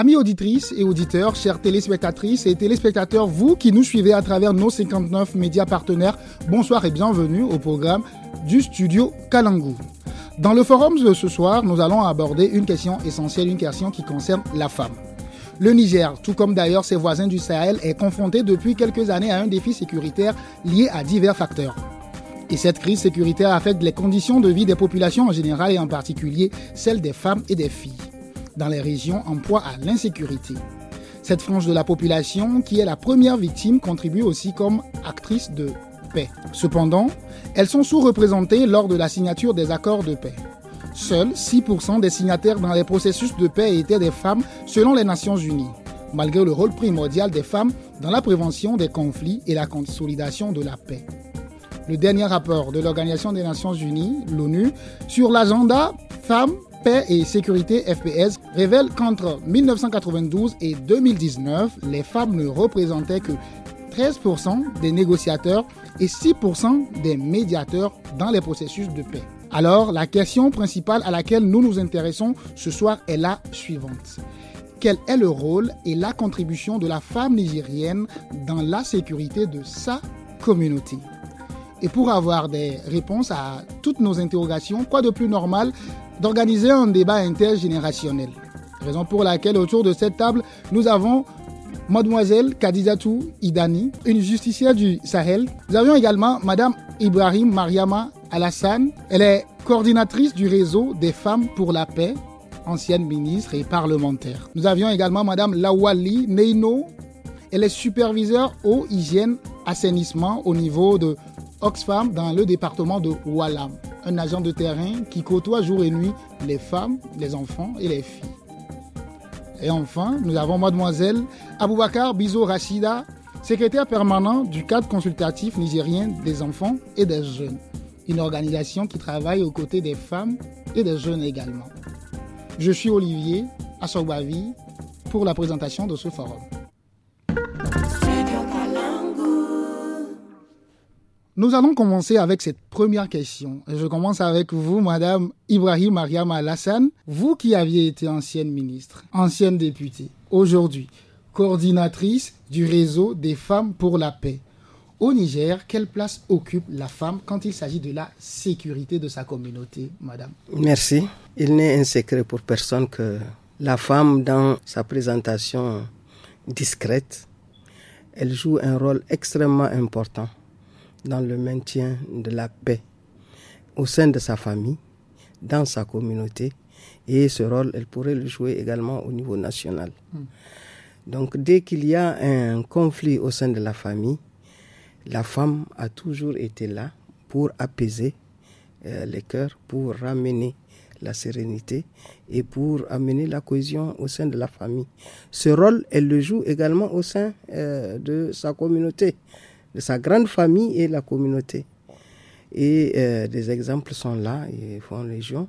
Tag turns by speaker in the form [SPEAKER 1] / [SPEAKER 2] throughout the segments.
[SPEAKER 1] Amis auditrices et auditeurs, chères téléspectatrices et téléspectateurs, vous qui nous suivez à travers nos 59 médias partenaires, bonsoir et bienvenue au programme du studio Kalangu. Dans le forum de ce soir, nous allons aborder une question essentielle, une question qui concerne la femme. Le Niger, tout comme d'ailleurs ses voisins du Sahel, est confronté depuis quelques années à un défi sécuritaire lié à divers facteurs. Et cette crise sécuritaire affecte les conditions de vie des populations en général et en particulier celles des femmes et des filles dans les régions en proie à l'insécurité. Cette frange de la population, qui est la première victime, contribue aussi comme actrice de paix. Cependant, elles sont sous-représentées lors de la signature des accords de paix. Seuls 6% des signataires dans les processus de paix étaient des femmes selon les Nations Unies, malgré le rôle primordial des femmes dans la prévention des conflits et la consolidation de la paix. Le dernier rapport de l'Organisation des Nations Unies, l'ONU, sur l'agenda Femmes, Paix et Sécurité FPS révèle qu'entre 1992 et 2019, les femmes ne représentaient que 13% des négociateurs et 6% des médiateurs dans les processus de paix. Alors, la question principale à laquelle nous nous intéressons ce soir est la suivante. Quel est le rôle et la contribution de la femme nigérienne dans la sécurité de sa communauté Et pour avoir des réponses à toutes nos interrogations, quoi de plus normal d'organiser un débat intergénérationnel. Raison pour laquelle autour de cette table, nous avons Mademoiselle Kadizatou Idani, une justicière du Sahel. Nous avions également Madame Ibrahim Mariama Alassane. Elle est coordinatrice du réseau des femmes pour la paix, ancienne ministre et parlementaire. Nous avions également Madame Lawali Neino. Elle est superviseur au hygiène, assainissement au niveau de Oxfam dans le département de Wallam un agent de terrain qui côtoie jour et nuit les femmes, les enfants et les filles. Et enfin, nous avons mademoiselle Aboubakar Bizo Rachida, secrétaire permanent du cadre consultatif nigérien des enfants et des jeunes, une organisation qui travaille aux côtés des femmes et des jeunes également. Je suis Olivier Assobavi pour la présentation de ce forum. Nous allons commencer avec cette première question. Je commence avec vous, Madame Ibrahim Mariam Alassane. Vous qui aviez été ancienne ministre, ancienne députée, aujourd'hui coordinatrice du réseau des femmes pour la paix. Au Niger, quelle place occupe la femme quand il s'agit de la sécurité de sa communauté, Madame
[SPEAKER 2] Merci. Il n'est un secret pour personne que la femme, dans sa présentation discrète, elle joue un rôle extrêmement important dans le maintien de la paix au sein de sa famille, dans sa communauté, et ce rôle, elle pourrait le jouer également au niveau national. Hmm. Donc dès qu'il y a un conflit au sein de la famille, la femme a toujours été là pour apaiser euh, les cœurs, pour ramener la sérénité et pour amener la cohésion au sein de la famille. Ce rôle, elle le joue également au sein euh, de sa communauté de sa grande famille et la communauté. Et euh, des exemples sont là, ils font en région,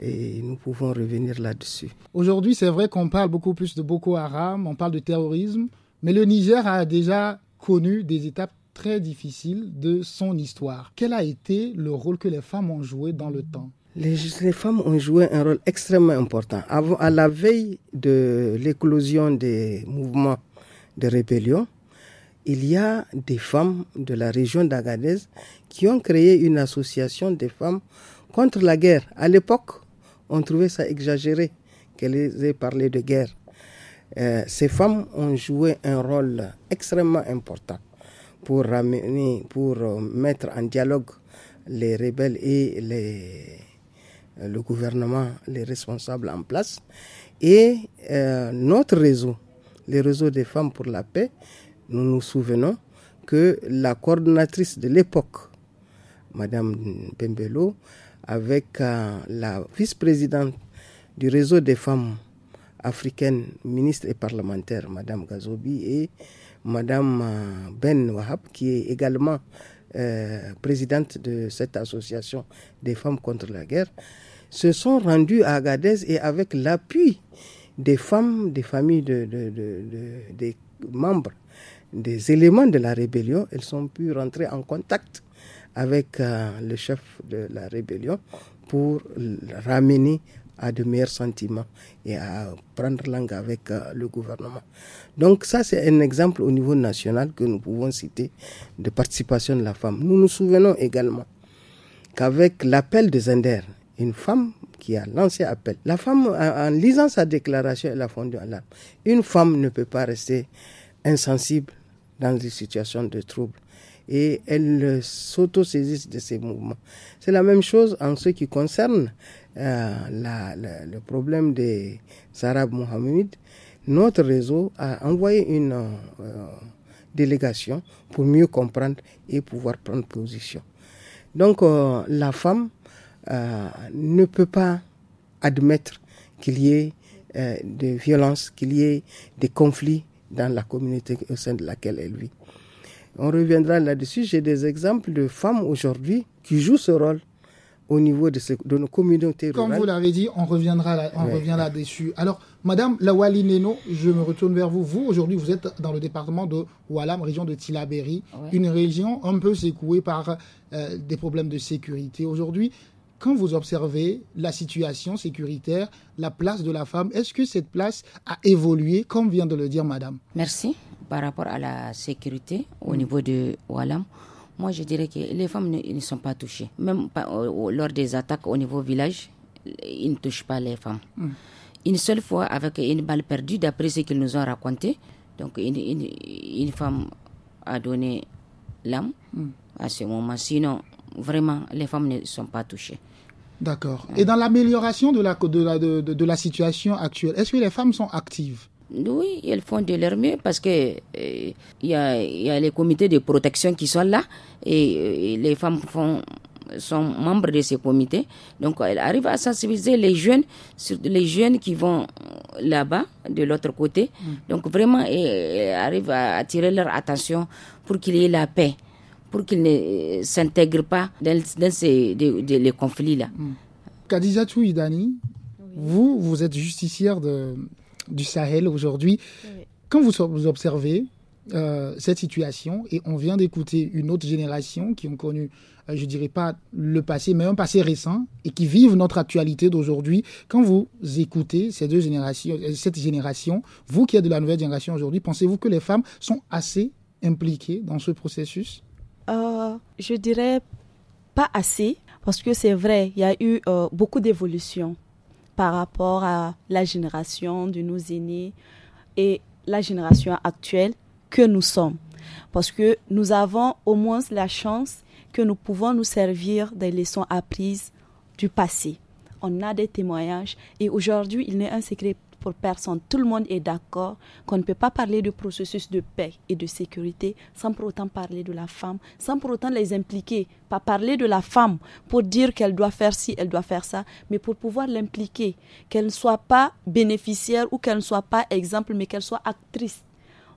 [SPEAKER 2] et nous pouvons revenir là-dessus.
[SPEAKER 1] Aujourd'hui, c'est vrai qu'on parle beaucoup plus de Boko Haram, on parle de terrorisme, mais le Niger a déjà connu des étapes très difficiles de son histoire. Quel a été le rôle que les femmes ont joué dans le temps les, femmes ont joué un rôle extrêmement
[SPEAKER 2] important. Avant, à la veille de l'éclosion des mouvements de rébellion, il y a des femmes de la région d'Agadez qui ont créé une association des femmes contre la guerre. À l'époque, on trouvait ça exagéré qu'elles aient parlé de guerre. Euh, ces femmes ont joué un rôle extrêmement important pour ramener, pour euh, mettre en dialogue les rebelles et les, euh, le gouvernement, les responsables en place. Et notre réseau, le réseau des femmes pour la paix, nous nous souvenons que la coordonnatrice de l'époque, Madame Pembelo, avec euh, la vice-présidente du réseau des femmes africaines, ministre et parlementaire, Madame Gazobi, et Madame euh, Ben Wahab, qui est également euh, présidente de cette association des femmes contre la guerre, se sont rendus à Agadez et avec l'appui des femmes, des familles, des membres des éléments de la rébellion, elles ont pu rentrer en contact avec euh, le chef de la rébellion pour ramener à de meilleurs sentiments et à prendre langue avec euh, le gouvernement. Donc ça, c'est un exemple au niveau national que nous pouvons citer de participation de la femme. Nous nous souvenons également qu'avec l'appel de Zender, une femme qui a lancé appel, la femme, en, lisant sa déclaration, elle a fondu en larmes. Une femme ne peut pas rester insensibles dans des situations de troubles et elles euh, s'autosaisissent de ces mouvements. C'est la même chose en ce qui concerne euh, le problème des Arabes Mohamed. Notre réseau a envoyé une euh, délégation pour mieux comprendre et pouvoir prendre position. Donc la femme ne peut pas admettre qu'il y ait des violences, qu'il y ait des conflits dans la communauté au sein de laquelle elle vit. On reviendra là-dessus. J'ai des exemples de femmes aujourd'hui qui jouent ce rôle au niveau de, nos communautés rurales. Comme vous l'avez
[SPEAKER 1] dit, on reviendra là, là-dessus. Alors, Madame Lawali Neno, je me retourne vers vous. Vous, aujourd'hui, vous êtes dans le département de Walam, région de Tilaberi, une région un peu secouée par euh, des problèmes de sécurité. Aujourd'hui, quand vous observez la situation sécuritaire, la place de la femme, est-ce que cette place a évolué, comme vient de le dire Madame Merci.
[SPEAKER 3] Par rapport à la sécurité au niveau de Walam, moi je dirais que les femmes ne, sont pas touchées. Même lors des attaques au niveau village, ils ne touchent pas les femmes. Mm. Une seule fois, avec une balle perdue, d'après ce qu'ils nous ont raconté, donc une, femme a donné l'âme mm. à ce moment. Sinon, vraiment, les femmes ne sont pas touchées.
[SPEAKER 1] D'accord. Et dans l'amélioration de la, de, de, la situation actuelle, est-ce que les femmes sont actives oui, elles font de leur mieux parce que
[SPEAKER 3] euh, il y, a, les comités de protection qui sont là et, euh, les femmes sont membres de ces comités. Donc elles arrivent à sensibiliser les jeunes, les jeunes qui vont là-bas, de l'autre côté. Mm. Donc vraiment, elles arrivent à attirer leur attention pour qu'il y ait la paix pour qu'ils ne s'intègrent pas dans, ces, les conflits-là.
[SPEAKER 1] Kadiza hmm. Khadija vous, vous êtes justicière de, du Sahel aujourd'hui. Quand vous, observez euh, cette situation et on vient d'écouter une autre génération qui ont connu, je euh, je dirais pas le passé, mais un passé récent et qui vivent notre actualité d'aujourd'hui. Quand vous écoutez ces deux générations, euh, cette génération, vous qui êtes de la nouvelle génération aujourd'hui, pensez-vous que les femmes sont assez impliquées dans ce processus
[SPEAKER 4] euh, je dirais pas assez, parce que c'est vrai, il y a eu euh, beaucoup d'évolutions par rapport à la génération de nos aînés et la génération actuelle que nous sommes. Parce que nous avons au moins la chance que nous pouvons nous servir des leçons apprises du passé. On a des témoignages et aujourd'hui, il n'est un secret pour personne. Tout le monde est d'accord qu'on ne peut pas parler de processus de paix et de sécurité sans pour autant parler de la femme, sans pour autant les impliquer. Pas parler de la femme pour dire qu'elle doit faire ci, elle doit faire ça, mais pour pouvoir l'impliquer, qu'elle ne soit pas bénéficiaire ou qu'elle ne soit pas exemple, mais qu'elle soit actrice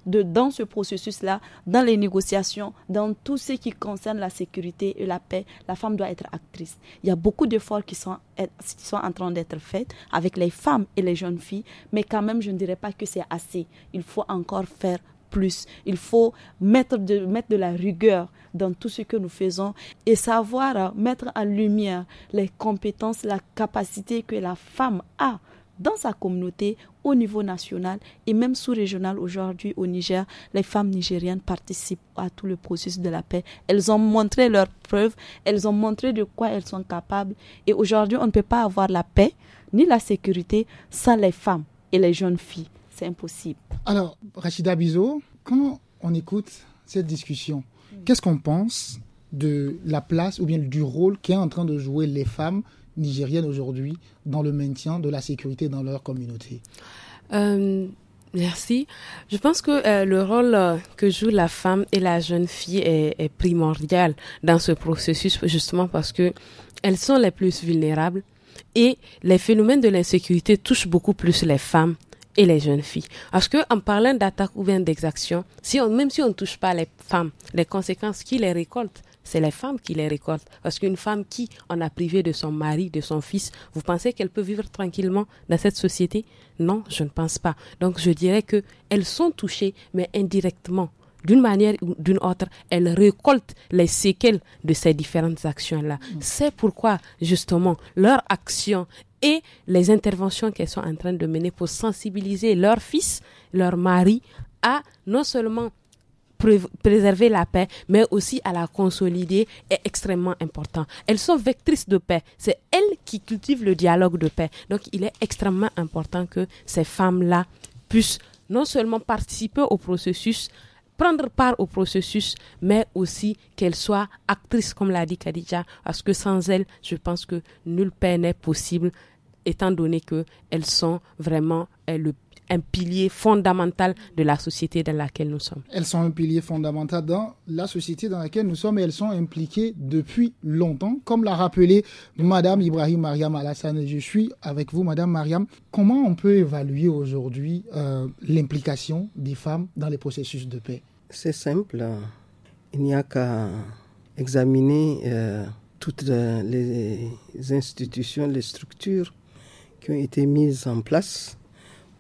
[SPEAKER 4] dans ce processus-là, dans les négociations, dans tout ce qui concerne la sécurité et la paix, la femme doit être actrice. Il y a beaucoup d'efforts qui sont, qui sont en train d'être faits avec les femmes et les jeunes filles, mais quand même, je ne dirais pas que c'est assez. Il faut encore faire plus. Il faut mettre de, mettre de la rigueur dans tout ce que nous faisons et savoir mettre en lumière les compétences, la capacité que la femme a dans sa communauté au niveau national et même sous-régional aujourd'hui au Niger, les femmes nigériennes participent à tout le processus de la paix. Elles ont montré leurs preuves, elles ont montré de quoi elles sont capables et aujourd'hui on ne peut pas avoir la paix ni la sécurité sans les femmes et les jeunes filles. C'est impossible.
[SPEAKER 1] Alors, Rachida Bizo, quand on écoute cette discussion, mm. qu'est-ce qu'on pense de la place ou bien du rôle qu'est en train de jouer les femmes nigériennes aujourd'hui dans le maintien de la sécurité dans leur communauté euh, Merci. Je pense que euh, le
[SPEAKER 5] rôle euh, que joue la femme et la jeune fille est, primordial dans ce processus, justement parce que elles sont les plus vulnérables et les phénomènes de l'insécurité touchent beaucoup plus les femmes et les jeunes filles. Parce que en parlant d'attaque ou bien d'exaction, si même si on ne touche pas les femmes, les conséquences qui les récoltent c'est les femmes qui les récoltent. Parce qu'une femme qui en a privé de son mari, de son fils, vous pensez qu'elle peut vivre tranquillement dans cette société Non, je ne pense pas. Donc je dirais que elles sont touchées, mais indirectement. D'une manière ou d'une autre, elles récoltent les séquelles de ces différentes actions-là. Mm. C'est pourquoi, justement, leur action et les interventions qu'elles sont en train de mener pour sensibiliser leur fils, leur mari, à non seulement préserver la paix, mais aussi à la consolider est extrêmement important. Elles sont vectrices de paix. C'est elles qui cultivent le dialogue de paix. Donc, il est extrêmement important que ces femmes-là puissent non seulement participer au processus, prendre part au processus, mais aussi qu'elles soient actrices, comme l'a dit Khadija, parce que sans elles, je pense que nulle paix n'est possible, étant donné que elles sont vraiment le un pilier fondamental de la société dans laquelle nous
[SPEAKER 1] sommes. Elles sont un pilier fondamental dans la société dans laquelle nous sommes et elles sont impliquées depuis longtemps. Comme l'a rappelé Madame Ibrahim Mariam Alassane, je suis avec vous, Madame Mariam. Comment on peut évaluer aujourd'hui euh, l'implication des femmes dans les processus de paix
[SPEAKER 2] C'est simple. Il n'y a qu'à examiner euh, toutes les institutions, les structures qui ont été mises en place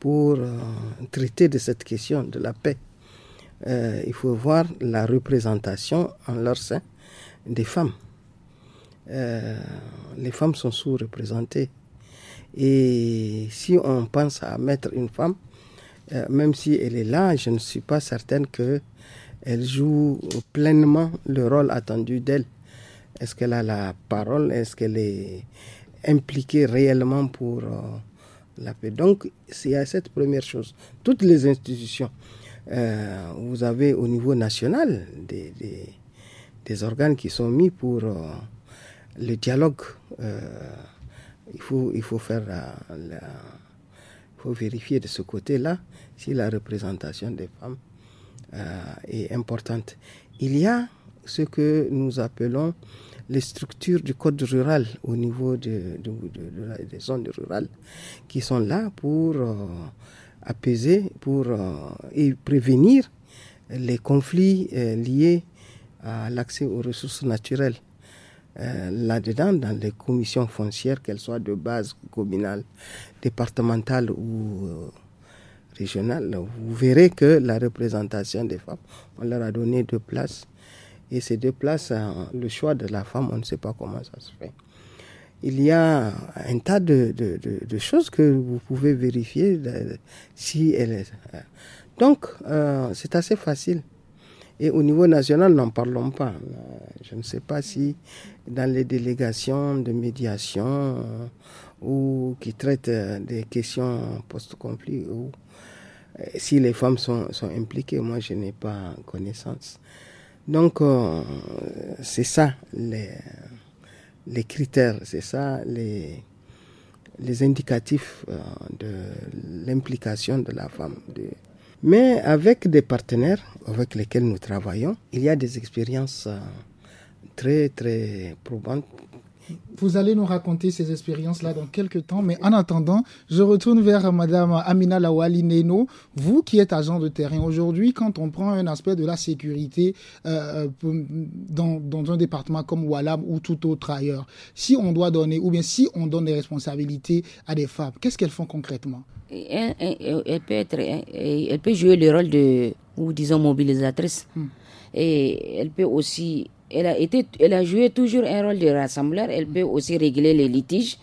[SPEAKER 2] pour euh, traiter de cette question de la paix. Euh, il faut voir la représentation en leur sein des femmes. Euh, les femmes sont sous-représentées. Et si on pense à mettre une femme, même si elle est là, je ne suis pas certaine qu'elle joue pleinement le rôle attendu d'elle. Est-ce qu'elle a la parole Est-ce qu'elle est impliquée réellement pour donc, c'est à cette première chose. Toutes les institutions, euh, vous avez au niveau national des, organes qui sont mis pour euh, le dialogue. Euh, il, faut, il faut faire il faut vérifier de ce côté-là si la représentation des femmes est importante. Il y a ce que nous appelons les structures du code rural au niveau des zones rurales qui sont là pour euh, apaiser pour, euh, et prévenir les conflits euh, liés à l'accès aux ressources naturelles. Là-dedans, dans les commissions foncières, qu'elles soient de base communale, départementale ou régionale, vous verrez que la représentation des femmes, on leur a donné deux places et ces deux places, hein, le choix de la femme, on ne sait pas comment ça se fait. Il y a un tas de, choses que vous pouvez vérifier euh, si elle est. Euh. Donc, euh, c'est assez facile. Et au niveau national, n'en parlons pas. Je ne sais pas si dans les délégations de médiation ou qui traitent des questions post-conflit ou si les femmes sont impliquées, moi je n'ai pas connaissance. Donc, euh, c'est ça les, les critères, c'est ça les, les indicatifs euh, de l'implication de la femme. Mais avec des partenaires avec lesquels nous travaillons, il y a des expériences euh, très, très probantes
[SPEAKER 1] vous allez nous raconter ces expériences-là dans quelques temps, mais en attendant, je retourne vers Madame Amina Lawali Neno. Vous qui êtes agent de terrain aujourd'hui, quand on prend un aspect de la sécurité euh, euh, dans, un département comme Walam ou tout autre ailleurs, si on doit donner, ou bien si on donne des responsabilités à des femmes, qu'est-ce qu'elles font concrètement
[SPEAKER 3] elle peut, être, elle peut jouer le rôle de, ou disons, mobilisatrice. Hmm. Et elle peut aussi elle a, été, elle a joué toujours un rôle de rassembleur. Elle peut aussi régler les litiges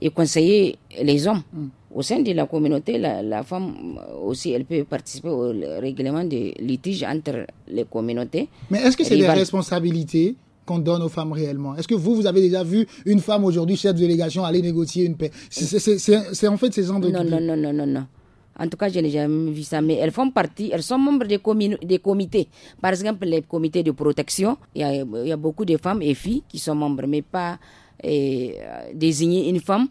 [SPEAKER 3] et conseiller les hommes. Mm. Au sein de la communauté, la, femme aussi, elle peut participer au règlement des litiges entre les communautés.
[SPEAKER 1] Mais est-ce que c'est des responsabilités qu'on donne aux femmes réellement Est-ce que vous, vous avez déjà vu une femme aujourd'hui, chef de délégation, aller négocier une paix C'est en fait ces gens de... Non, non, non, non, non, non.
[SPEAKER 3] En tout cas, je n'ai jamais vu ça, mais elles font partie, elles sont membres des, des comités. Par exemple, les comités de protection, il y, a, beaucoup de femmes et filles qui sont membres, mais pas euh, désigner une femme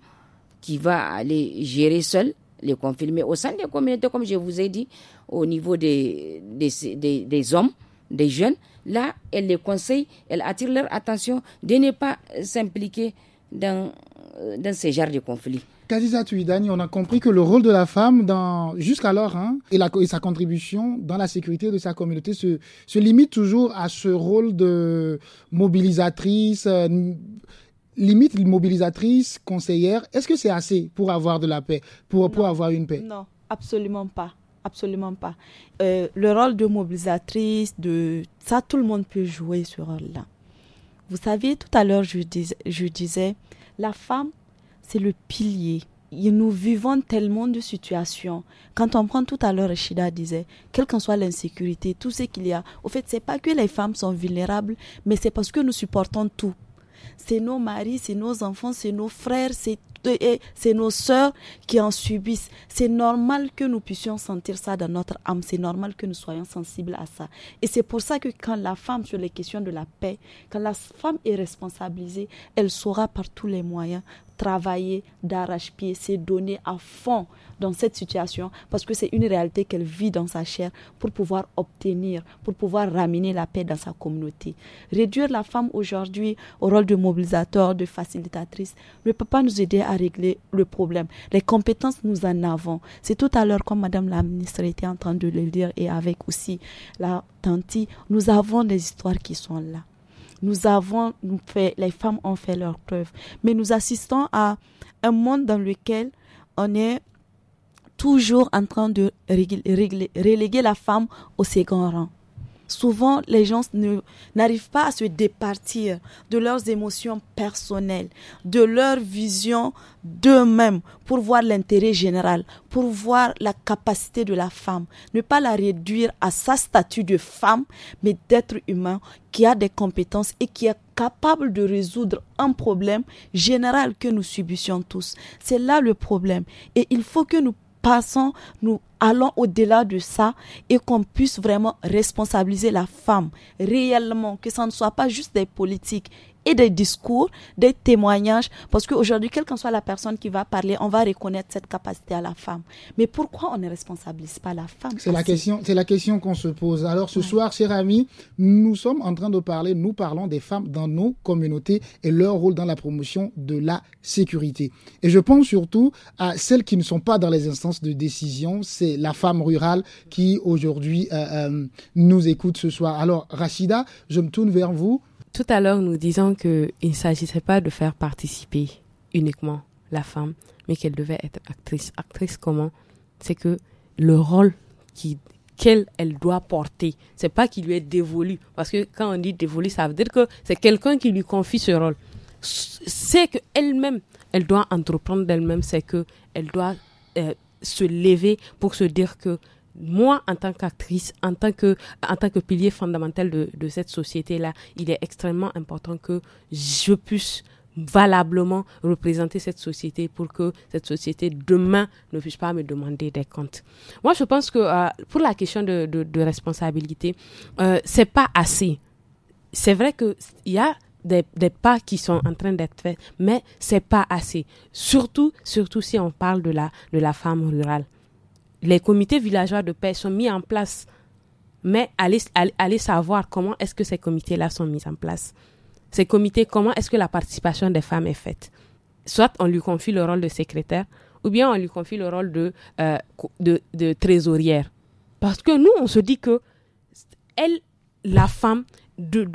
[SPEAKER 3] qui va aller gérer seule les conflits. Mais au sein des communautés, comme je vous ai dit, au niveau des, des, hommes, des jeunes, là, elle les conseillent, elle attire leur attention de ne pas s'impliquer dans, euh, dans ces genres de conflits.
[SPEAKER 1] Tui Tuidani, on a compris que le rôle de la femme dans, jusqu'alors, hein, et, sa contribution dans la sécurité de sa communauté se, limite toujours à ce rôle de mobilisatrice, euh, limite mobilisatrice, conseillère. Est-ce que c'est assez pour avoir de la paix, pour, avoir une paix Non, absolument pas. Absolument pas. Euh, le rôle de
[SPEAKER 4] mobilisatrice, de ça, tout le monde peut jouer ce rôle-là. Vous savez, tout à l'heure, je disais, la femme c'est le pilier. Et nous vivons tellement de situations. Quand on prend tout à l'heure, Shida disait, quelle qu'en soit l'insécurité, tout ce qu'il y a, au fait, c'est pas que les femmes sont vulnérables, mais c'est parce que nous supportons tout. C'est nos maris, c'est nos enfants, c'est nos frères, c'est et c'est nos sœurs qui en subissent. C'est normal que nous puissions sentir ça dans notre âme. C'est normal que nous soyons sensibles à ça. Et c'est pour ça que quand la femme, sur les questions de la paix, quand la femme est responsabilisée, elle saura par tous les moyens travailler d'arrache-pied, se donner à fond dans cette situation parce que c'est une réalité qu'elle vit dans sa chair pour pouvoir obtenir, pour pouvoir ramener la paix dans sa communauté. Réduire la femme aujourd'hui au rôle de mobilisateur, de facilitatrice ne peut pas nous aider à régler le problème. Les compétences, nous en avons. C'est tout à l'heure, comme Madame la ministre était en train de le dire, et avec aussi la tanti, nous avons des histoires qui sont là. Nous avons, nous fait, les femmes ont fait leur preuve. Mais nous assistons à un monde dans lequel on est toujours en train de régler, reléguer la femme au second rang souvent les gens n'arrivent pas à se départir de leurs émotions personnelles, de leur vision d'eux-mêmes pour voir l'intérêt général, pour voir la capacité de la femme, ne pas la réduire à sa statut de femme, mais d'être humain qui a des compétences et qui est capable de résoudre un problème général que nous subissions tous. C'est là le problème. Et il faut que nous passons, nous allons au-delà de ça et qu'on puisse vraiment responsabiliser la femme réellement, que ça ne soit pas juste des politiques et des discours, des témoignages, parce qu'aujourd'hui, quelle qu'en soit la personne qui va parler, on va reconnaître cette capacité à la femme. Mais pourquoi on ne responsabilise pas la femme C'est la question,
[SPEAKER 1] c'est la question qu'on se pose. Alors ce soir, chers amis, nous sommes en train de parler, nous parlons des femmes dans nos communautés et leur rôle dans la promotion de la sécurité. Et je pense surtout à celles qui ne sont pas dans les instances de décision. C'est la femme rurale qui aujourd'hui euh, euh, nous écoute ce soir. Alors Rachida, je me tourne vers vous. Tout à l'heure, nous disons qu'il ne
[SPEAKER 5] s'agissait pas de faire participer uniquement la femme, mais qu'elle devait être actrice. Actrice comment C'est que le rôle qu'elle doit porter, c'est pas qu'il lui est dévolu, parce que quand on dit dévolu, ça veut dire que c'est quelqu'un qui lui confie ce rôle. C'est que elle-même, elle doit entreprendre d'elle-même, c'est que elle doit euh, se lever pour se dire que moi, en tant qu'actrice, en tant que, en tant que pilier fondamental de, cette société-là, il est extrêmement important que je puisse valablement représenter cette société pour que cette société demain ne puisse pas me demander des comptes. Moi, je pense que euh, pour la question de, de, responsabilité, euh, c'est pas assez. C'est vrai qu'il y a des, des, pas qui sont en train d'être faits, mais c'est pas assez. Surtout, surtout si on parle de la, de la femme rurale les comités villageois de paix sont mis en place. Mais allez, savoir comment est-ce que ces comités-là sont mis en place. Ces comités, comment est-ce que la participation des femmes est faite Soit on lui confie le rôle de secrétaire, ou bien on lui confie le rôle de, euh, de, trésorière. Parce que nous, on se dit que elle, la femme, de,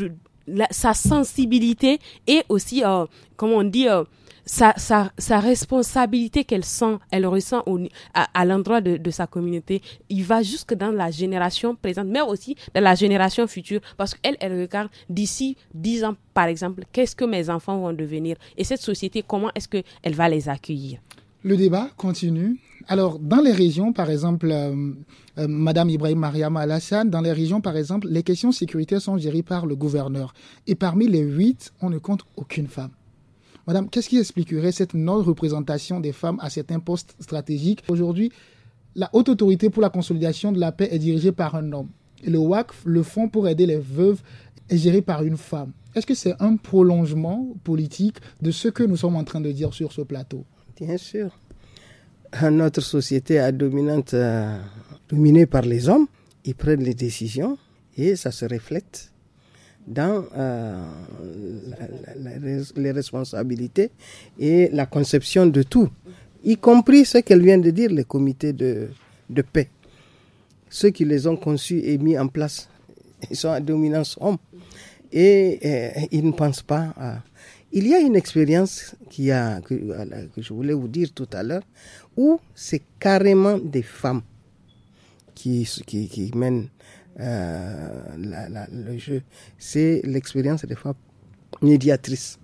[SPEAKER 5] sa sensibilité et aussi, euh, comment on dit, euh, sa, sa, responsabilité qu'elle sent, elle ressent au, à, l'endroit de, sa communauté, il va jusque dans la génération présente, mais aussi dans la génération future, parce qu'elle, elle regarde d'ici 10 ans, par exemple, qu'est-ce que mes enfants vont devenir et cette société, comment est-ce qu'elle va les accueillir.
[SPEAKER 1] Le débat continue. Alors, dans les régions, par exemple, euh, euh, Madame Ibrahim Mariama Alassane, dans les régions, par exemple, les questions sécuritaires sont gérées par le gouverneur. Et parmi les huit, on ne compte aucune femme. Madame, qu'est-ce qui expliquerait cette non-représentation des femmes à certains postes stratégiques Aujourd'hui, la haute autorité pour la consolidation de la paix est dirigée par un homme. le WACF, le Fonds pour aider les veuves, est géré par une femme. Est-ce que c'est un prolongement politique de ce que nous sommes en train de dire sur ce plateau Bien sûr.
[SPEAKER 2] Notre société est dominante, euh, dominée par les hommes. Ils prennent les décisions et ça se reflète dans euh, les responsabilités et la conception de tout, y compris ce qu'elle vient de dire, les comités de, de, paix. Ceux qui les ont conçus et mis en place, ils sont à dominance homme. Et euh, ils ne pensent pas à... Il y a une expérience qui a, que, je voulais vous dire tout à l'heure, où c'est carrément des femmes qui, qui, qui mènent euh, le jeu. C'est l'expérience des femmes médiatrices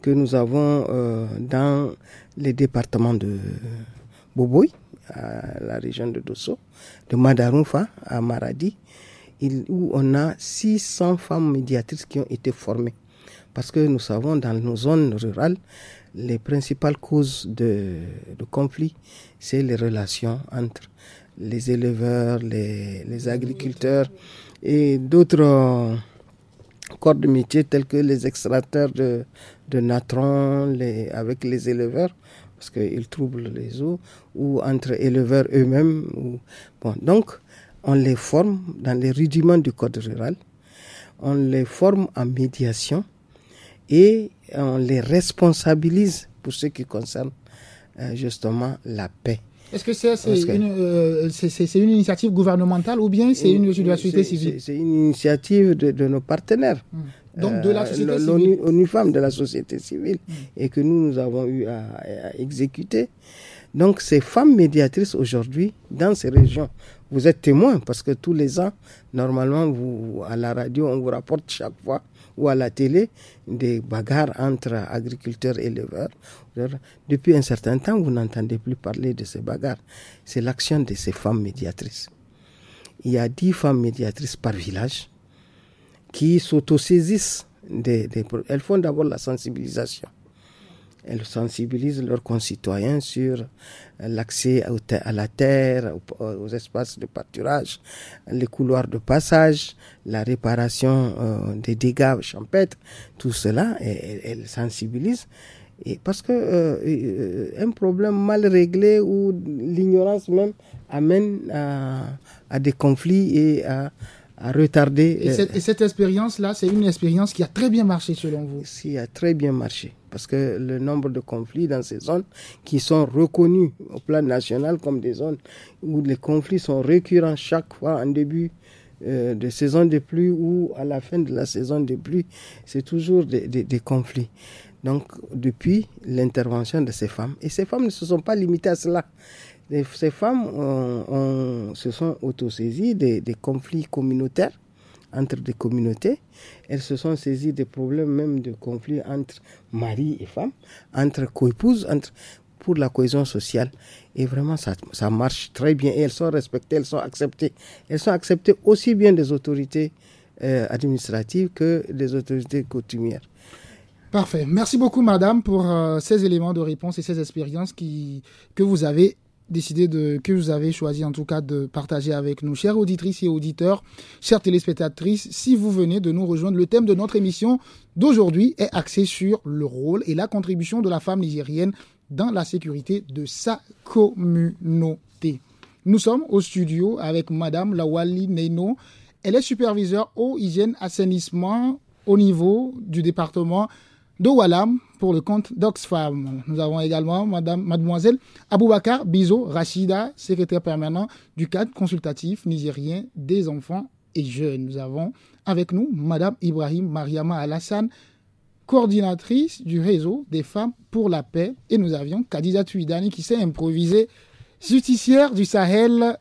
[SPEAKER 2] que nous avons euh, dans les départements de Boboy, à la région de Dosso, de Madaroufa à Maradi, où on a 600 femmes médiatrices qui ont été formées. Parce que nous savons, dans nos zones rurales, les principales causes de, de conflits, c'est les relations entre les éleveurs, les, agriculteurs et d'autres euh, corps de métier tels que les extracteurs de, de les, avec les éleveurs parce qu'ils troublent les eaux ou entre éleveurs eux-mêmes. Bon, donc, on les forme dans les rudiments du code rural, on les forme en médiation et on les responsabilise pour ce qui concerne euh, justement la paix.
[SPEAKER 1] Est-ce que c'est une, euh, une, initiative gouvernementale ou bien c'est une, de la société civile C'est
[SPEAKER 2] une initiative de, nos partenaires. Donc de la société civile.
[SPEAKER 1] L'ONU de la
[SPEAKER 2] société civile et que nous, nous avons eu à, exécuter. Donc ces femmes médiatrices aujourd'hui dans ces régions, vous êtes témoins parce que tous les ans, normalement, vous, à la radio, on vous rapporte chaque fois ou à la télé des bagarres entre agriculteurs et éleveurs. Depuis un certain temps, vous n'entendez plus parler de ces bagarres. C'est l'action de ces femmes médiatrices. Il y a dix femmes médiatrices par village qui s'autosaisissent. des, elles font d'abord la sensibilisation. Elles sensibilisent leurs concitoyens sur l'accès à la terre, aux espaces de pâturage, les couloirs de passage, la réparation euh, des dégâts champêtres. Tout cela, elles sensibilisent. Et parce que euh, euh, un problème mal réglé ou l'ignorance même amène à, des conflits et à, retarder. Et
[SPEAKER 1] cette, expérience-là, c'est une expérience qui a très bien marché selon vous. Qui a très bien
[SPEAKER 2] marché parce que le nombre de conflits dans ces zones qui sont reconnues au plan national comme des zones où les conflits sont récurrents chaque fois en début euh, de saison de pluie ou à la fin de la saison de pluie, c'est toujours des, conflits. Donc, depuis l'intervention de ces femmes, et ces femmes ne se sont pas limitées à cela. Ces femmes se sont autosaisies des, des conflits communautaires entre des communautés. Elles se sont saisies des problèmes même de conflits entre mari et femme, entre coépouses, entre pour la cohésion sociale. Et vraiment, ça, ça marche très bien. Et elles sont respectées, elles sont acceptées. Elles sont acceptées aussi bien des autorités euh, administratives que des autorités coutumières.
[SPEAKER 1] Parfait. Merci beaucoup, madame, pour euh, ces éléments de réponse et ces expériences qui, que vous avez décidé de, que vous avez choisi en tout cas de partager avec nous. Chères auditrices et auditeurs, chères téléspectatrices, si vous venez de nous rejoindre, le thème de notre émission d'aujourd'hui est axé sur le rôle et la contribution de la femme nigérienne dans la sécurité de sa communauté. Nous sommes au studio avec Madame Lawali Neno. Elle est superviseure eau, hygiène, assainissement au niveau du département de pour le compte d'Oxfam. Nous avons également Madame, Mademoiselle Aboubakar Bizo Rachida, secrétaire permanent du cadre consultatif nigérien des enfants et jeunes. Nous avons avec nous Madame Ibrahim Mariama Alassane, coordinatrice du réseau des femmes pour la paix. Et nous avions Kadiza Tuidani qui s'est improvisée justicière du Sahel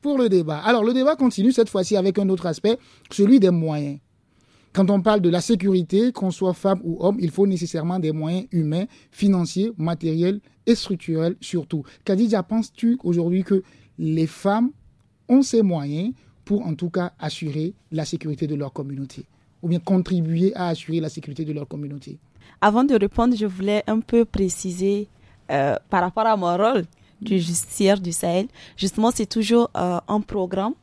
[SPEAKER 1] pour le débat. Alors le débat continue cette fois-ci avec un autre aspect, celui des moyens. Quand on parle de la sécurité, qu'on soit femme ou homme, il faut nécessairement des moyens humains, financiers, matériels et structurels surtout. Khadija, penses-tu aujourd'hui que les femmes ont ces moyens pour en tout cas assurer la sécurité de leur communauté ou bien contribuer à assurer la sécurité de leur communauté
[SPEAKER 4] Avant de répondre, je voulais un peu préciser euh, par rapport à mon rôle du justicier du Sahel. Justement, c'est toujours euh, un programme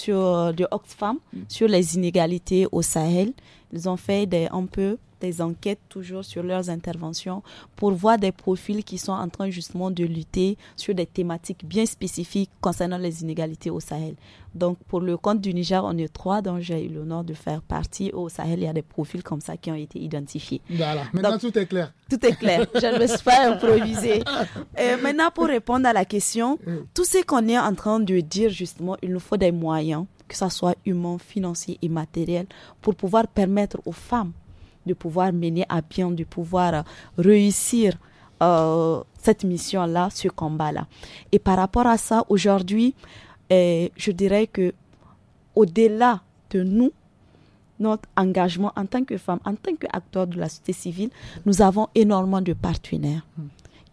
[SPEAKER 4] sur, euh, de Oxfam mm. sur les inégalités au Sahel. Ils ont fait des, un peu des enquêtes toujours sur leurs interventions pour voir des profils qui sont en train justement de lutter sur des thématiques bien spécifiques concernant les inégalités au Sahel. Donc pour le compte du Niger, on est trois dont j'ai eu l'honneur de faire partie. Au Sahel, il y a des profils comme ça qui ont été identifiés.
[SPEAKER 1] Voilà, maintenant tout est
[SPEAKER 4] clair. Tout est clair, je ne me pas improvisée. maintenant pour répondre à la question, tout ce qu'on est en train de dire justement, il nous faut des moyens que ce soit humain, financier et matériel, pour pouvoir permettre aux femmes de pouvoir mener à bien, de pouvoir euh, réussir euh, cette mission-là, ce combat-là. Et par rapport à ça, aujourd'hui, euh, je dirais que au-delà de nous, notre engagement en tant que femme, en tant qu'acteurs de la société civile, nous avons énormément de partenaires. Mm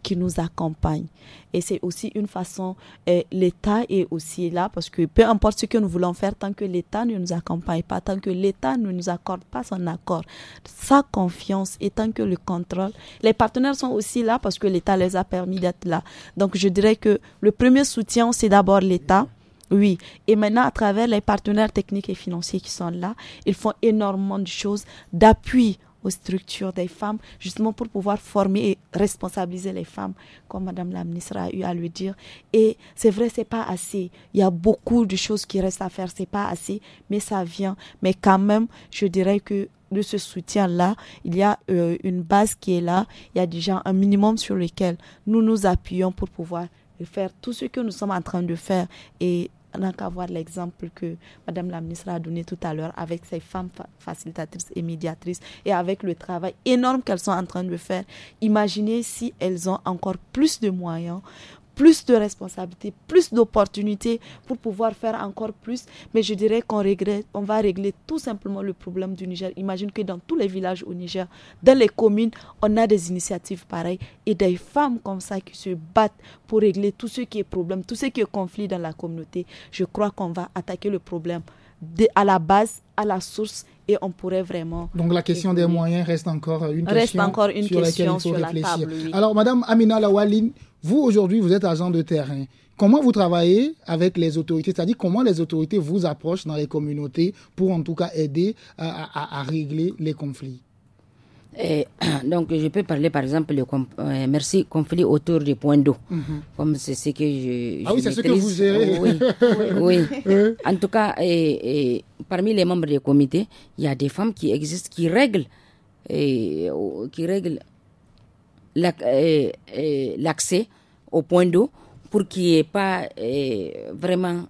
[SPEAKER 4] qui nous accompagne. Et c'est aussi une façon, euh, l'État est aussi là, parce que peu importe ce que nous voulons faire, tant que l'État ne nous accompagne pas, tant que l'État ne nous accorde pas son accord, sa confiance et tant que le contrôle, les partenaires sont aussi là parce que l'État les a permis d'être là. Donc je dirais que le premier soutien, c'est d'abord l'État. Oui, et maintenant à travers les partenaires techniques et financiers qui sont là, ils font énormément de choses d'appui structures des femmes, justement pour pouvoir former et responsabiliser les femmes, comme Madame la ministre a eu à le dire. Et c'est vrai, c'est pas assez. Il y a beaucoup de choses qui restent à faire, c'est pas assez, mais ça vient. Mais quand même, je dirais que de ce soutien-là, il y a euh, une base qui est là, il y a déjà un minimum sur lequel nous nous appuyons pour pouvoir faire tout ce que nous sommes en train de faire et n'a qu'à voir l'exemple que Madame la ministre a donné tout à l'heure avec ces femmes facilitatrices et médiatrices et avec le travail énorme qu'elles sont en train de faire. Imaginez si elles ont encore plus de moyens plus de responsabilités, plus d'opportunités pour pouvoir faire encore plus. Mais je dirais qu'on va régler tout simplement le problème du Niger. Imagine que dans tous les villages au Niger, dans les communes, on a des initiatives pareilles et des femmes comme ça qui se battent pour régler tout ce qui est problème, tout ce qui est conflit dans la communauté. Je crois qu'on va attaquer le problème à la base, à la source et on pourrait vraiment. Donc la question
[SPEAKER 1] des moyens reste encore une question encore une sur réfléchir. La Alors Madame Amina Lawaline, vous, aujourd'hui, vous êtes agent de terrain. Comment vous travaillez avec les autorités C'est-à-dire comment les autorités vous approchent dans les communautés pour en tout cas aider à, régler les conflits
[SPEAKER 3] eh, donc, je peux parler par exemple le euh, merci conflit autour du point d'eau, mhm. comme c'est ce que je. Ah oui, c'est ce que vous gérez. Oui, oui. En tout cas, eh, eh, parmi les membres du comité, il y a des femmes qui existent, qui règlent, et, qui règlent eh, eh, l'accès au point d'eau pour qu'il n'y ait pas eh, vraiment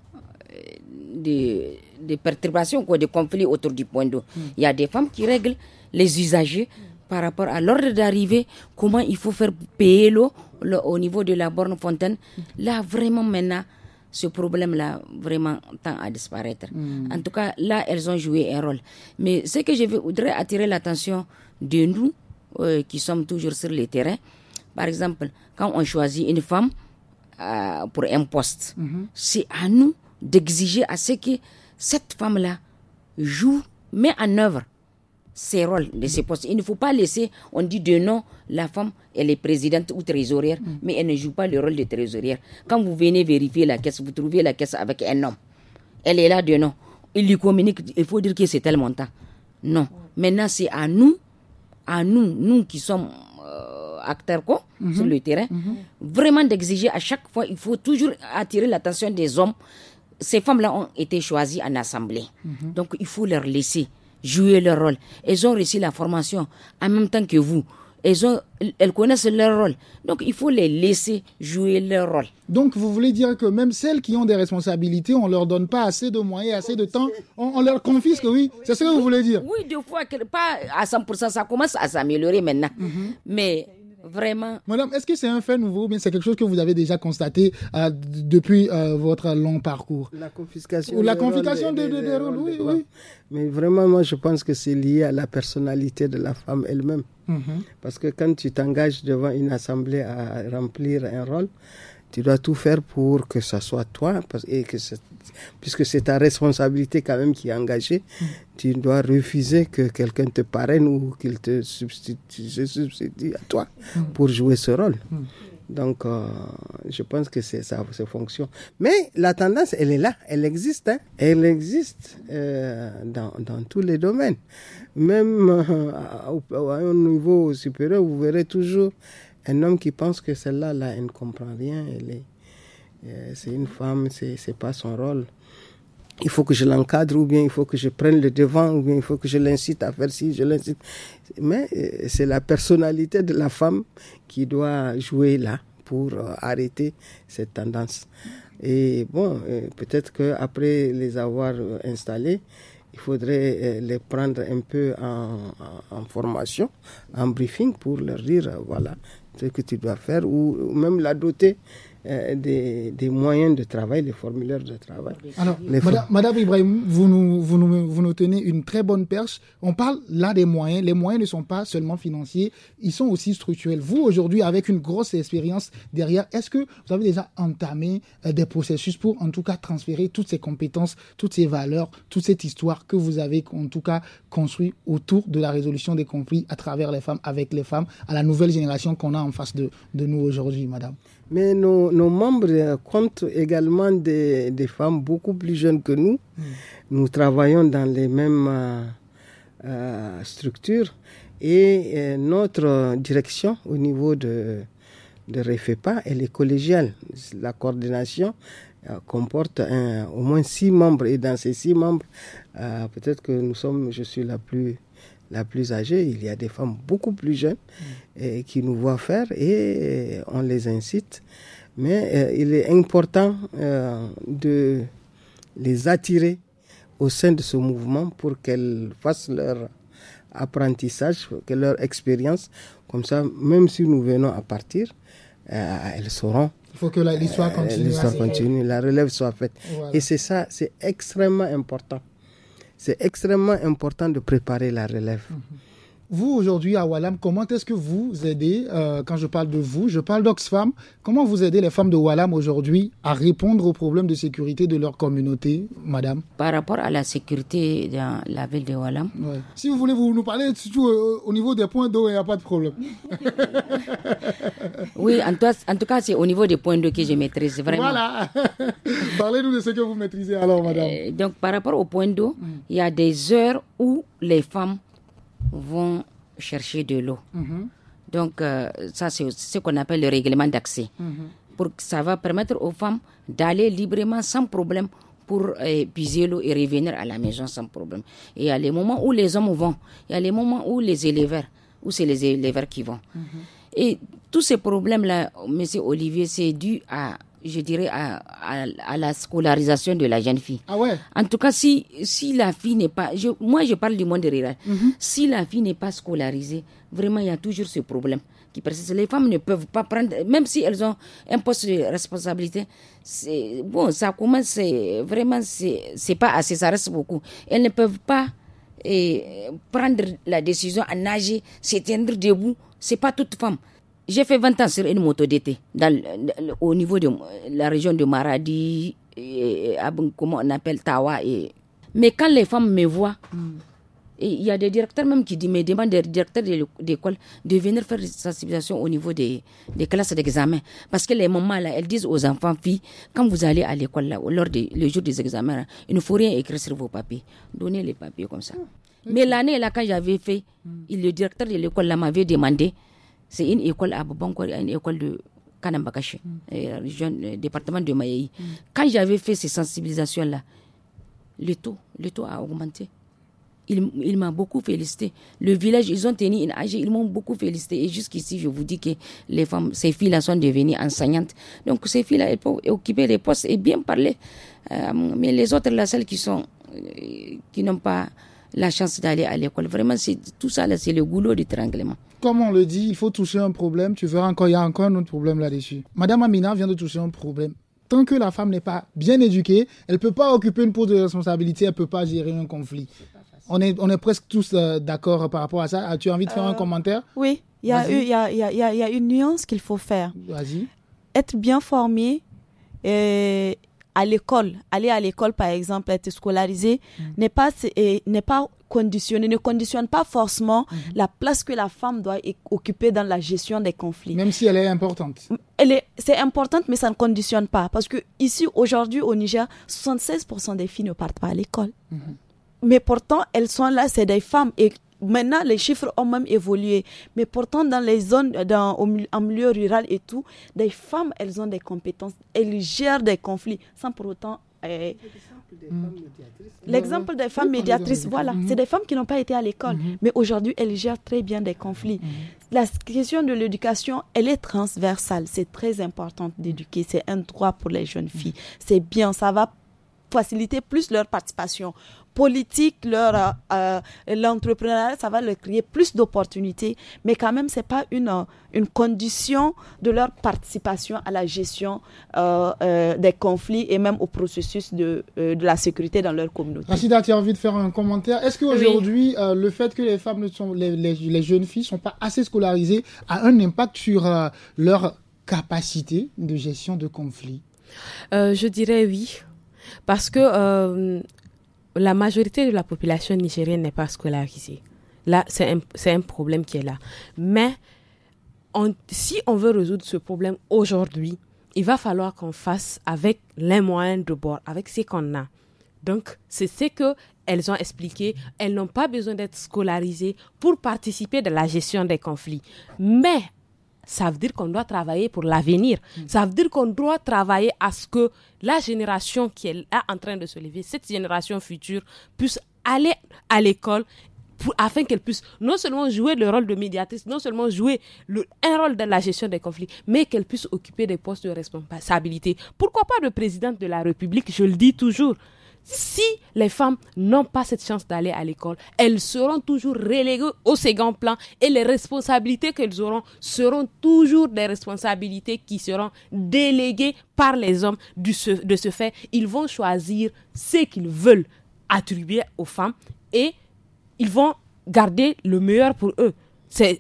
[SPEAKER 3] des, de perturbations, ou de conflits autour du point d'eau. Hmm. Il y a des femmes qui règlent les usagers par rapport à l'ordre d'arrivée, comment il faut faire payer l'eau au niveau de la borne fontaine. Hmm. Là, vraiment, maintenant, ce problème-là, vraiment, tend à disparaître. Hmm. En tout cas, là, elles ont joué un rôle. Mais ce que je voudrais attirer l'attention de nous, euh, qui sommes toujours sur le terrain. Par exemple, quand on choisit une femme euh, pour un poste, mhm. c'est à nous d'exiger à ce que cette femme-là joue, met en œuvre ses rôles de ses postes. Il ne faut pas laisser, on dit de non, la femme, elle est présidente ou trésorière, mhm. mais elle ne joue pas le rôle de trésorière. Quand vous venez vérifier la caisse, vous trouvez la caisse avec un homme. Elle est là de non. Il lui communique, il faut dire que c'est tel montant. Non. Maintenant, c'est à nous à nous, nous qui sommes euh, acteurs quoi, mhm. sur le terrain, mhm. vraiment d'exiger à chaque fois, il faut toujours attirer l'attention des hommes. Ces femmes-là ont été choisies en assemblée. Mhm. Donc il faut leur laisser jouer leur rôle. Elles ont reçu la formation en même temps que vous.
[SPEAKER 1] Elles, connaissent leur rôle. Donc il faut les laisser jouer leur rôle. Donc vous voulez dire que même celles qui ont des responsabilités, on ne leur donne pas assez de moyens, assez de temps, on, leur confisque, oui C'est ce que vous voulez dire
[SPEAKER 3] Oui, des fois, pas à 100%, ça commence à s'améliorer maintenant. Mhm. Mais Vraiment.
[SPEAKER 1] Madame, est-ce que c'est un fait nouveau ou bien c'est quelque chose que vous avez déjà constaté euh, depuis euh, votre long parcours La confiscation. Ou la confiscation des,
[SPEAKER 2] rôles, oui, Mais vraiment, moi, je pense que c'est lié à la personnalité de la femme elle-même. Mm-hmm. Parce que quand tu t'engages devant une assemblée à remplir un rôle, tu dois tout faire pour que ça soit toi, parce, que puisque c'est ta responsabilité quand même qui est engagée, tu dois refuser que quelqu'un te parraine ou qu'il te substitue, à toi pour jouer ce rôle. Donc, euh, je pense que c'est ça, c'est fonction. Mais la tendance, elle est là, elle existe. Hein. Elle existe euh, dans, dans, tous les domaines. Même euh, au niveau supérieur, vous verrez toujours un homme qui pense que celle-là, elle ne comprend rien, elle est, euh, c'est une femme, c'est, n'est pas son rôle. Il faut que je l'encadre, ou bien il faut que je prenne le devant, ou bien il faut que je l'incite à faire ci, je l'incite. Mais euh, c'est la personnalité de la femme qui doit jouer là pour euh, arrêter cette tendance. Et bon, peut-être que qu'après les avoir installés, il faudrait les prendre un peu en, en, formation, en briefing pour leur dire, voilà, que tu dois faire ou même la doter euh, des, moyens de travail, des formulaires de travail. Alors,
[SPEAKER 1] Madame, Ibrahim, vous nous, tenez une très bonne perche. On parle là des moyens. Les moyens ne sont pas seulement financiers, ils sont aussi structurels. Vous, aujourd'hui, avec une grosse expérience derrière, est-ce que vous avez déjà entamé euh, des processus pour, en tout cas, transférer toutes ces compétences, toutes ces valeurs, toute cette histoire que vous avez, en tout cas, construit autour de la résolution des conflits à travers les femmes, avec les femmes, à la nouvelle génération qu'on a en face de nous aujourd'hui, Madame
[SPEAKER 2] mais nos, membres comptent également des, des, femmes beaucoup plus jeunes que nous. Mm. Nous travaillons dans les mêmes euh, euh, structures et euh, notre direction au niveau de, de REFEPA, elle est collégiale. La coordination comporte au moins six membres et dans ces six membres, peut-être que nous sommes, je suis la plus la plus âgée, il y a des femmes beaucoup plus jeunes mm. euh, qui nous voient faire et euh, on les incite. Mais euh, il est important de les attirer au sein de ce mouvement pour qu'elles fassent leur apprentissage, que leur expérience, comme ça, même si nous venons à partir, elles sauront
[SPEAKER 1] il faut que l'histoire continue. L'histoire continue,
[SPEAKER 2] la relève soit faite. Et c'est ça, c'est extrêmement important c'est extrêmement important de préparer la relève. Mhm.
[SPEAKER 1] Vous, aujourd'hui, à Wallam, comment est-ce que vous aidez, euh, quand je parle de vous, je parle d'Oxfam, comment vous aidez les femmes de Wallam aujourd'hui à répondre aux problèmes de sécurité de leur communauté, madame
[SPEAKER 3] Par rapport à la sécurité dans la ville de Wallam
[SPEAKER 1] Si vous voulez, vous nous parlez surtout euh, au niveau des points d'eau, il n'y a pas de problème.
[SPEAKER 3] oui, en, en, tout cas, c'est au niveau des points d'eau que je maîtrise vraiment. Voilà
[SPEAKER 1] Parlez-nous de ce que vous maîtrisez alors,
[SPEAKER 3] madame. Euh, donc, par rapport aux points d'eau, il y a des heures où les femmes vont chercher de l'eau. Mhm. Donc, euh, ça, c'est ce qu'on appelle le règlement d'accès. Mhm. Pour ça va permettre aux femmes d'aller librement sans problème pour euh, puiser l'eau et revenir à la maison sans problème. Et il y a les moments où les hommes vont, il y a les moments où les éleveurs, où c'est les éleveurs qui vont. Mhm. Et tous ces problèmes-là, M. Olivier, c'est dû à je dirais, à, à, la scolarisation de la jeune fille. Ah ouais En tout cas, si, si la fille n'est pas... moi, je parle du monde rural. Mhm. Si la fille n'est pas scolarisée, vraiment, il y a toujours ce problème qui persiste. Les femmes ne peuvent pas prendre, même si elles ont un poste de responsabilité, bon, ça commence vraiment, c'est pas assez, ça reste beaucoup. Elles ne peuvent pas eh, prendre la décision à nager, s'éteindre debout. C'est pas toute femme. J'ai fait 20 ans sur une moto d'été dans, au niveau de la région de Maradi, et, comment on appelle Tawa. Et... Mais quand les femmes me voient, hmm. il y a des directeurs même qui me demandent, des directeurs d'école, de, venir faire des sensibilisations au niveau des, des classes d'examen. Parce que les mamans, là, elles disent aux enfants, filles, quand vous allez à l'école, là, lors du le jour des examens, il ne faut rien écrire sur vos papiers. Donnez les papiers comme ça. Hmm. Mais l'année, là, quand j'avais fait, hmm. le directeur de l'école, là, m'avait demandé, c'est une école à une école de Kanambakache, mm. Euh, euh, département de Mayaï. Quand j'avais fait ces sensibilisations-là, le taux, le taux a augmenté. Il, il m'a beaucoup félicité. Le village, ils ont tenu une AG, ils m'ont beaucoup félicité. Et jusqu'ici, je vous dis que les femmes, ces filles-là sont devenues enseignantes. Donc, ces filles-là, elles peuvent occuper les postes et bien parler. Euh, mais les autres, là, celles qui sont, qui n'ont pas la chance d'aller à l'école, vraiment, c'est, tout ça, là, c'est le goulot d'étranglement
[SPEAKER 1] comme on le dit, il faut toucher un problème, tu verras encore, il y a encore un autre problème là-dessus. Madame Amina vient de toucher un problème. Tant que la femme n'est pas bien éduquée, elle ne peut pas occuper une peau de responsabilité, elle ne peut pas gérer un conflit. on, est, on est presque tous euh, d'accord par rapport à ça. As-tu envie de faire un euh, commentaire Oui, il y, y, a,
[SPEAKER 4] y, a, une nuance qu'il faut faire. Vas-y. Être bien formé et euh, à l'école, aller à l'école par exemple, être scolarisé, mm. n'est pas, n'est pas conditionner, ne conditionne pas forcément mhm. la place que la femme doit occuper dans la gestion des conflits. Même si elle est importante. Elle est, c'est importante, mais ça ne conditionne pas. Parce que ici, aujourd'hui, au Niger, 76% des filles ne partent pas à l'école. Mhm. Mais pourtant, elles sont là, c'est des femmes. Et maintenant, les chiffres ont même évolué. Mais pourtant, dans les zones, dans, en milieu rural et tout, des femmes, elles ont des compétences. Elles gèrent des conflits sans pour autant euh,
[SPEAKER 5] l'exemple des mm. femmes médiatrices. voilà.
[SPEAKER 4] Mm-hmm. C'est des femmes qui n'ont pas été à l'école, mm-hmm. mais aujourd'hui, elles gèrent très bien des conflits. Mm-hmm. La question de l'éducation, elle est transversale. C'est très important d'éduquer. C'est un droit pour les jeunes filles. C'est bien, ça va faciliter plus leur participation politique, leur euh, euh, l'entrepreneuriat, ça va leur créer plus d'opportunités, mais quand même ce n'est pas une une condition de leur participation à la gestion euh, des conflits et même au processus de, la sécurité dans leur communauté.
[SPEAKER 1] tu as envie de faire un commentaire Est-ce qu'aujourd'hui, le fait que les femmes les, jeunes filles ne sont pas assez scolarisées a un impact sur leur capacité de gestion de conflits Je
[SPEAKER 5] dirais oui. Parce que la majorité de la population nigérienne n'est pas scolarisée. Là, c'est un, problème qui est là. Mais si on veut résoudre ce problème aujourd'hui, il va falloir qu'on fasse avec les moyens de bord, avec ce qu'on a. Donc, c'est ce que elles ont expliqué. Elles n'ont pas besoin d'être scolarisées pour participer de la gestion des conflits. Mais ça veut dire qu'on doit travailler pour l'avenir. Mm. Ça veut dire qu'on doit travailler à ce que la génération qui est en train de se lever, cette génération future, puisse aller à l'école afin qu'elle puisse non seulement jouer le rôle de médiatrice, non seulement jouer un rôle dans la gestion des conflits, mais qu'elle puisse occuper des postes de responsabilité. Pourquoi pas le président de la République, je le dis toujours si les femmes n'ont pas cette chance d'aller à l'école, elles seront toujours reléguées au second plan et les responsabilités qu'elles auront seront toujours des responsabilités qui seront déléguées par les hommes. de ce fait, ils vont choisir ce qu'ils veulent attribuer aux femmes et ils vont garder le meilleur pour eux.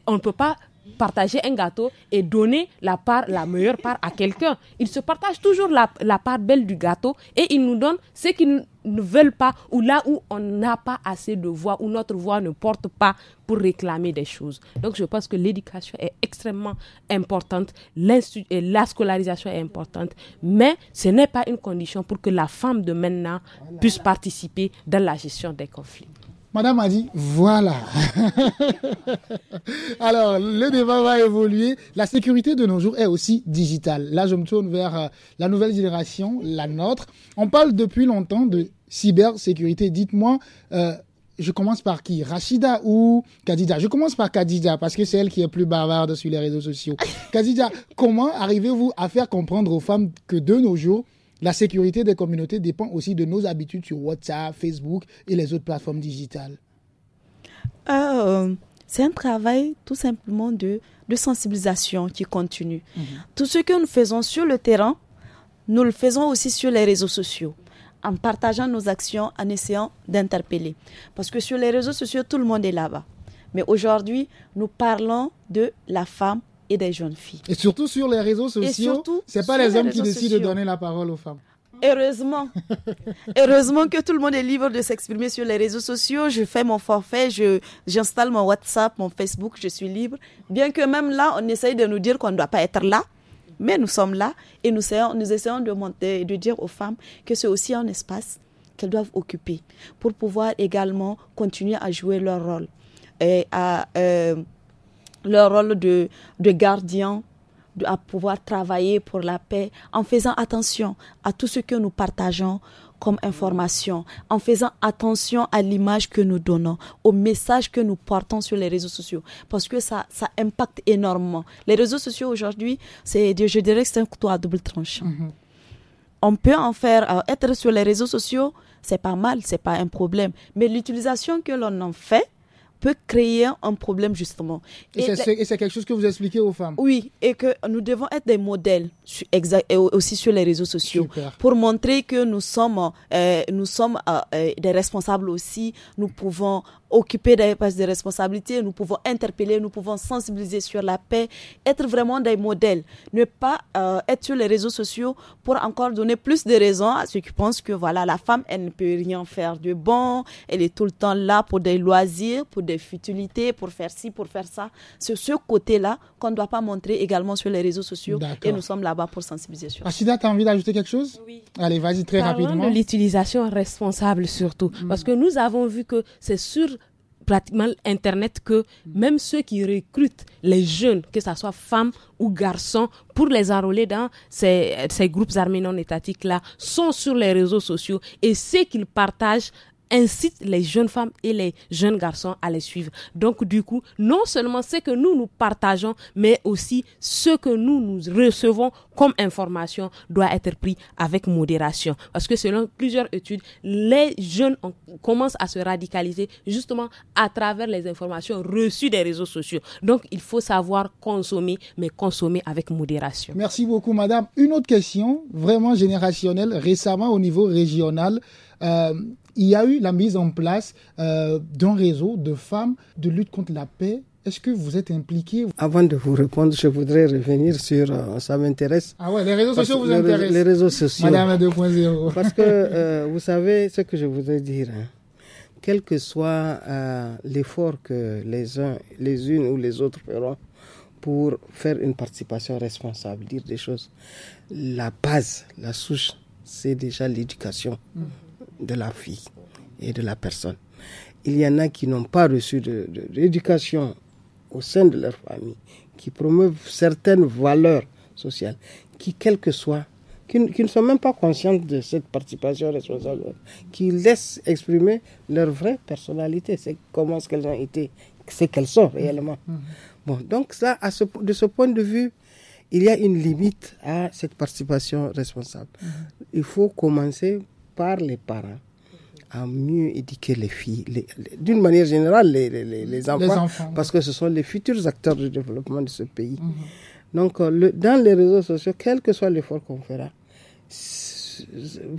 [SPEAKER 5] on ne peut pas partager un gâteau et donner la part, la meilleure part à quelqu'un. Ils se partagent toujours la, part belle du gâteau et ils nous donnent ce qu'ils ne veulent pas ou là où on n'a pas assez de voix, où notre voix ne porte pas pour réclamer des choses. Donc je pense que l'éducation est extrêmement importante, et la scolarisation est importante, mais ce n'est pas une condition pour que la femme de maintenant puisse participer dans la gestion des conflits.
[SPEAKER 1] Madame a dit, voilà. Alors, le débat va évoluer. La sécurité de nos jours est aussi digitale. Là, je me tourne vers euh, la nouvelle génération, la nôtre. On parle depuis longtemps de cybersécurité. Dites-moi, euh, je commence par qui Rachida ou Kadija Je commence par Kadija parce que c'est elle qui est plus bavarde sur les réseaux sociaux. Kadija, comment arrivez-vous à faire comprendre aux femmes que de nos jours, la sécurité des communautés dépend aussi de nos habitudes sur WhatsApp, Facebook et les autres plateformes digitales.
[SPEAKER 4] Euh, c'est un travail tout simplement de, sensibilisation qui continue. Mhm. Tout ce que nous faisons sur le terrain, nous le faisons aussi sur les réseaux sociaux en partageant nos actions, en essayant d'interpeller. Parce que sur les réseaux sociaux, tout le monde est là-bas. Mais aujourd'hui, nous parlons de la femme
[SPEAKER 1] et des jeunes filles. Et surtout sur les réseaux sociaux, ce n'est pas les hommes qui décident de donner la parole aux femmes.
[SPEAKER 4] Heureusement. Heureusement que tout le monde est libre de s'exprimer sur les réseaux sociaux. Je fais mon forfait, je, j'installe mon WhatsApp, mon Facebook, je suis libre. Bien que même là, on essaye de nous dire qu'on ne doit pas être là. Mais nous sommes là et nous essayons, de, monter, de dire aux femmes que c'est aussi un espace qu'elles doivent occuper pour pouvoir également continuer à jouer leur rôle et à euh, leur rôle de, de gardien à pouvoir travailler pour la paix en faisant attention à tout ce que nous partageons comme information, en faisant attention à l'image que nous donnons, au message que nous portons sur les réseaux sociaux, parce que ça, ça impacte énormément. Les réseaux sociaux aujourd'hui, c'est, je dirais que c'est un couteau à double tranchant mm-hmm. On peut en faire, euh, être sur les réseaux sociaux, c'est pas mal, c'est pas un problème, mais l'utilisation que l'on en fait, peut créer un problème justement. Et, c'est quelque chose que vous expliquez aux femmes. Oui, et que nous devons être des modèles exact, aussi sur les réseaux sociaux pour montrer que nous sommes, euh, nous sommes euh, euh, des responsables aussi, nous pouvons occuper des responsabilités de responsabilité, nous pouvons interpeller, nous pouvons sensibiliser sur la paix, être vraiment des modèles, ne pas euh, être sur les réseaux sociaux pour encore donner plus de raisons à ceux qui pensent que voilà, la femme, elle ne peut rien faire de bon, elle est tout le temps là pour des loisirs, pour des futilités, pour faire ci, pour faire ça. C'est ce côté-là qu'on ne doit pas montrer également sur les réseaux sociaux et nous sommes là-bas pour sensibiliser sur
[SPEAKER 1] Achida, tu as envie d'ajouter quelque chose Oui.
[SPEAKER 5] Allez, vas-y très rapidement. de l'utilisation responsable surtout, hmm. parce que nous avons vu que c'est sûr pratiquement Internet que mm. même ceux qui recrutent les jeunes, que ce soit femmes ou garçons, pour les enrôler dans ces, groupes armés non étatiques-là, sont sur les réseaux sociaux et ce qu'ils partagent incite les jeunes femmes et les jeunes garçons à les suivre. Donc du coup, non seulement ce que nous nous partageons, mais aussi ce que nous nous recevons comme information doit être pris avec modération. Parce que selon plusieurs études, les jeunes commencent à se radicaliser justement à travers les informations reçues des réseaux sociaux. Donc il faut savoir consommer, mais consommer avec modération.
[SPEAKER 1] Merci beaucoup, madame. Une autre question, vraiment générationnelle, récemment au niveau régional. Euh, il y a eu la mise en place euh, d'un réseau de femmes de lutte contre la paix. Est-ce que vous êtes impliqué Avant de vous répondre,
[SPEAKER 2] je voudrais revenir sur. Euh, ça m'intéresse. Ah ouais, les réseaux sociaux vous intéressent Les réseaux sociaux. Madame 2.0. parce que euh, vous savez ce que je voudrais dire. Hein. quel que soit l'effort que les uns, les unes ou les autres feront pour faire une participation responsable, dire des choses, la base, la souche, c'est déjà l'éducation. Mm-hmm de la fille et de la personne. Il y en a qui n'ont pas reçu de, au sein de leur famille, qui promeuvent certaines valeurs sociales, qui, quelles que soient, qui, ne sont même pas conscientes de cette participation responsable, qui laissent exprimer leur vraie personnalité, c'est comment ce qu'elles ont été, c'est qu'elles sont réellement. Mm-hmm. Bon, donc ça, de ce point de vue, il y a une limite à cette participation responsable. Mm-hmm. Il faut commencer par les parents à mieux éduquer les filles, d'une manière générale les, enfants, parce que ce sont les futurs acteurs du développement de ce pays. Mhm. Donc, euh, le, dans les réseaux sociaux, quel que soit l'effort qu'on fera,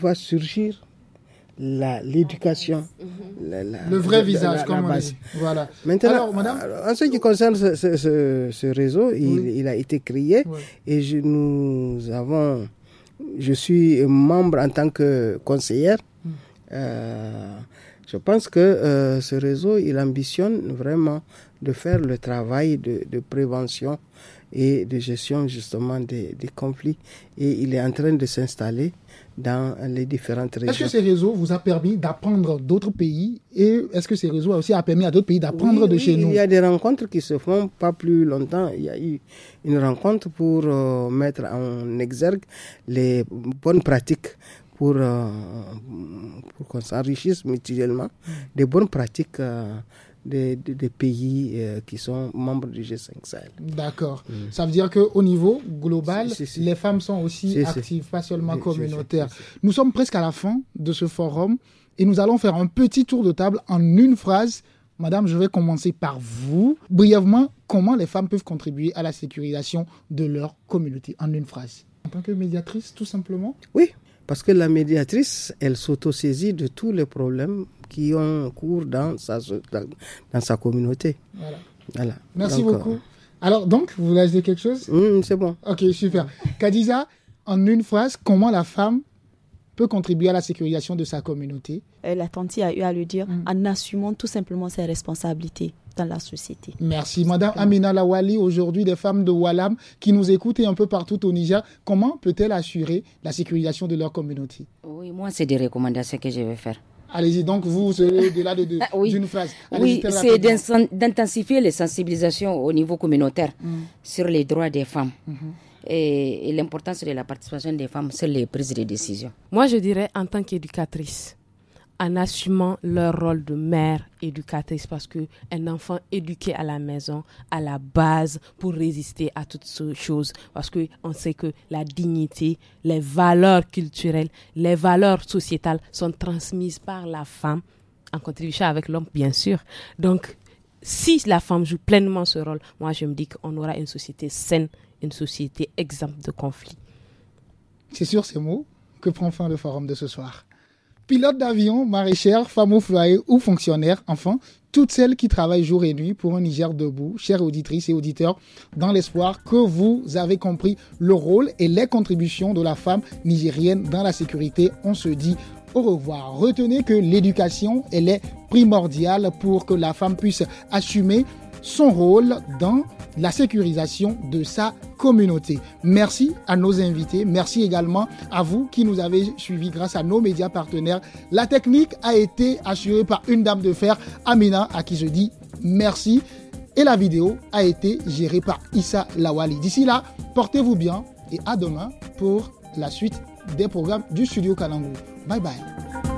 [SPEAKER 2] va surgir l'éducation, mhm. la, le vrai visage, comme on dit. Voilà. Maintenant, Alors, madame... Euh, en ce qui concerne ce, réseau, il, a été créé et je, nous avons je suis membre en tant que conseillère. Euh, je pense que euh, ce réseau, il ambitionne vraiment de faire le travail de, prévention et de gestion justement des, conflits. Et il est en train de s'installer dans les différentes régions. Est-ce que ces
[SPEAKER 1] réseaux vous a permis d'apprendre d'autres pays et est-ce que ces réseaux aussi a permis à d'autres pays d'apprendre de chez nous Il y a
[SPEAKER 2] des rencontres qui se font pas plus longtemps. Il y a eu une rencontre pour euh, mettre en exergue les bonnes pratiques pour, euh, pour qu'on s'enrichisse mutuellement mm. des bonnes pratiques. Euh, des, pays euh, qui sont membres du G5 Sahel.
[SPEAKER 1] D'accord. Mm. Ça veut dire qu'au niveau global, les femmes sont aussi actives, pas seulement communautaires. Nous sommes presque à la fin de ce forum et nous allons faire un petit tour de table en une phrase. Madame, je vais commencer par vous. Brièvement, comment les femmes peuvent contribuer à la sécurisation de leur communauté En une phrase. En tant que médiatrice, tout simplement Oui, parce
[SPEAKER 2] que la médiatrice, elle saisit de tous les problèmes qui ont cours dans sa, dans, sa communauté. Voilà. voilà. Merci beaucoup.
[SPEAKER 1] Euh, Alors, donc, vous voulez ajouter quelque chose hum, C'est bon. Ok, super. Kadiza, en une phrase, comment la femme peut contribuer à la sécurisation de sa communauté Elle euh, a eu à le dire hum. en assumant tout simplement ses responsabilités dans la société. Merci. Madame Amina Lawali, aujourd'hui des femmes de Walam qui nous écoutent un peu partout au Niger, comment peut-elle assurer la sécurisation de leur communauté Oui, moi, c'est des recommandations que je vais faire. Allez-y, donc vous, c'est au-delà de, ah, phrase. oui, c'est
[SPEAKER 3] d'intensifier les sensibilisations au niveau communautaire mm. sur les droits des femmes. Mm-hmm. Et, l'importance de la participation des femmes sur les prises de décision.
[SPEAKER 5] Moi, je dirais en tant qu'éducatrice, en assumant leur rôle de mère éducatrice parce que un enfant éduqué à la maison à la base pour résister à toutes ces choses parce que on sait que la dignité les valeurs culturelles les valeurs sociétales sont transmises par la femme en contribution avec l'homme bien sûr donc si la femme joue pleinement ce rôle moi je me dis qu'on aura une société saine
[SPEAKER 1] une société exempte de conflits c'est sur ces mots que prend fin le forum de ce soir Pilote d'avion, maraîchère, femme au foyer ou fonctionnaires, enfin, toutes celles qui travaillent jour et nuit pour un Niger debout, chères auditrices et auditeurs, dans l'espoir que vous avez compris le rôle et les contributions de la femme nigérienne dans la sécurité. On se dit au revoir. Retenez que l'éducation, elle est primordiale pour que la femme puisse assumer son rôle dans la sécurisation de sa communauté. Merci à nos invités, merci également à vous qui nous avez suivis grâce à nos médias partenaires. La technique a été assurée par une dame de fer, Amina, à qui je dis merci. Et la vidéo a été gérée par Issa Lawali. D'ici là, portez-vous bien et à demain pour la suite des programmes du studio Kalangu. Bye bye.